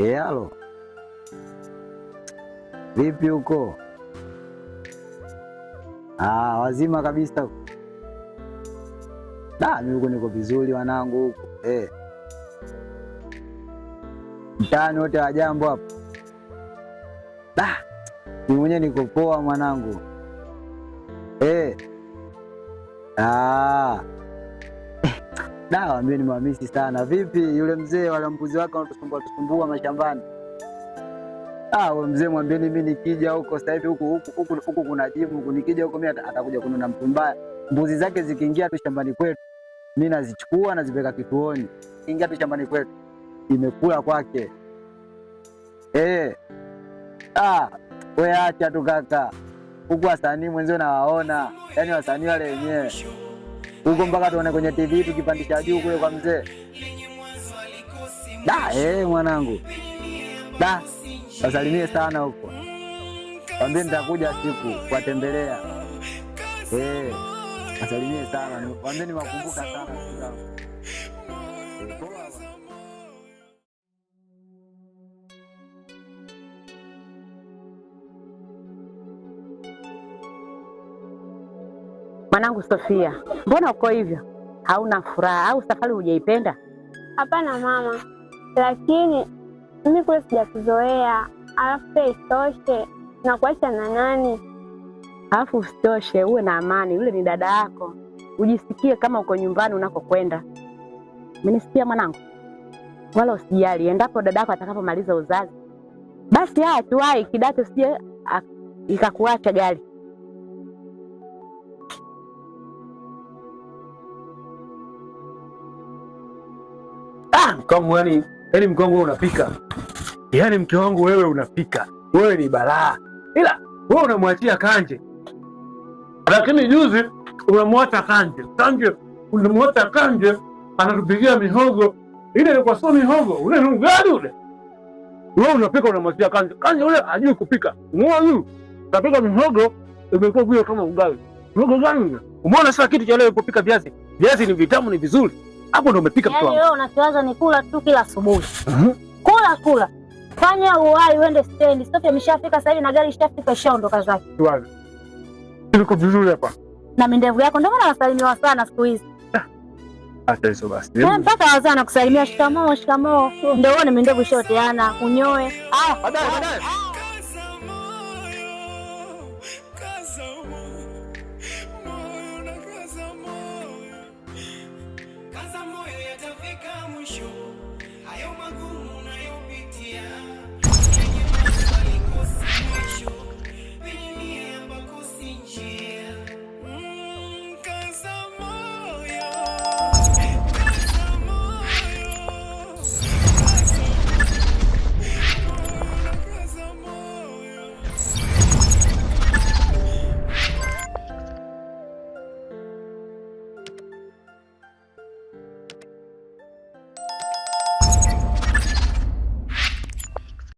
Halo, vipi huko? Ah, wazima kabisa. Da, mimi huko niko vizuri wanangu huko eh. Mtaani wote wajambo hapo? Da, mimi mwenye niko poa mwanangu eh. Ah. Dawa mimi mwamisi sana. Vipi yule mzee wale mbuzi wake wanatusumbua tusumbua mashambani? Ah, wewe mzee mwambieni mimi nikija huko sasa hivi huku huku huku huku kuna jibu huku nikija huko mimi atakuja mtu mbaya Mbuzi zake zikiingia tu shambani kwetu. Mimi nazichukua zipeka kituoni. Ingia tu shambani kwetu. Imekula kwake. Eh. Ah, wewe acha tu kaka. Huku wasanii mwenzio nawaona. Yaani wasanii wale wenyewe huko mpaka tuone kwenye TV tukipandisha juu kule kwa mzee. Da, eh mwanangu. Da. Wasalimie sana huko. Wambie nitakuja siku kuwatembelea. Eh. Wasalimie sana. Wambie niwakumbuka sana. Mwanangu Sofia, mbona uko hivyo? Hauna furaha au safari hujaipenda? Hapana mama, lakini mimi kule sijakuzoea, alafu pia isitoshe na kuacha na nani? Alafu usitoshe, uwe na amani, yule ni dada yako, ujisikie kama uko nyumbani unakokwenda. Umenisikia mwanangu? Wala usijali, endapo dada yako atakapomaliza uzazi, basi haya tuwai kidato, sije ah, ikakuacha gari mke yani yani mke wewe unapika, yani mke wangu wewe unapika, wewe ni balaa, ila wewe unamwachia Kanje, lakini juzi unamwacha Kanje, Kanje unamwacha Kanje anatupigia mihogo ile, ilikuwa sio mihogo ule, ni ugali ule. Wewe unapika unamwachia Kanje, Kanje ule hajui kupika, ngoju kapika mihogo imekuwa kama ugali, mihogo gani? Umeona sasa kitu cha leo kupika viazi, viazi ni vitamu, ni vizuri hapo ndo umepika mtu yaani wangu. Wewe unachowaza ni kula tu kila asubuhi. Mhm. Kula kula. Fanya uwai uende stendi. Sasa ameshafika sasa hivi na gari ishafika ishaondoka zake. Wazi. Niko vizuri hapa. Na mindevu yako ndio maana wasalimiwa sana siku hizi. Hata hizo basi. Sasa eh, mpaka wazaa na shikamoo shikamoo. Ndio uone mindevu ishoteana, unyoe. Ah, baadaye baadaye. sasa moyo, yatafika mwisho hayo magumu unayopitia.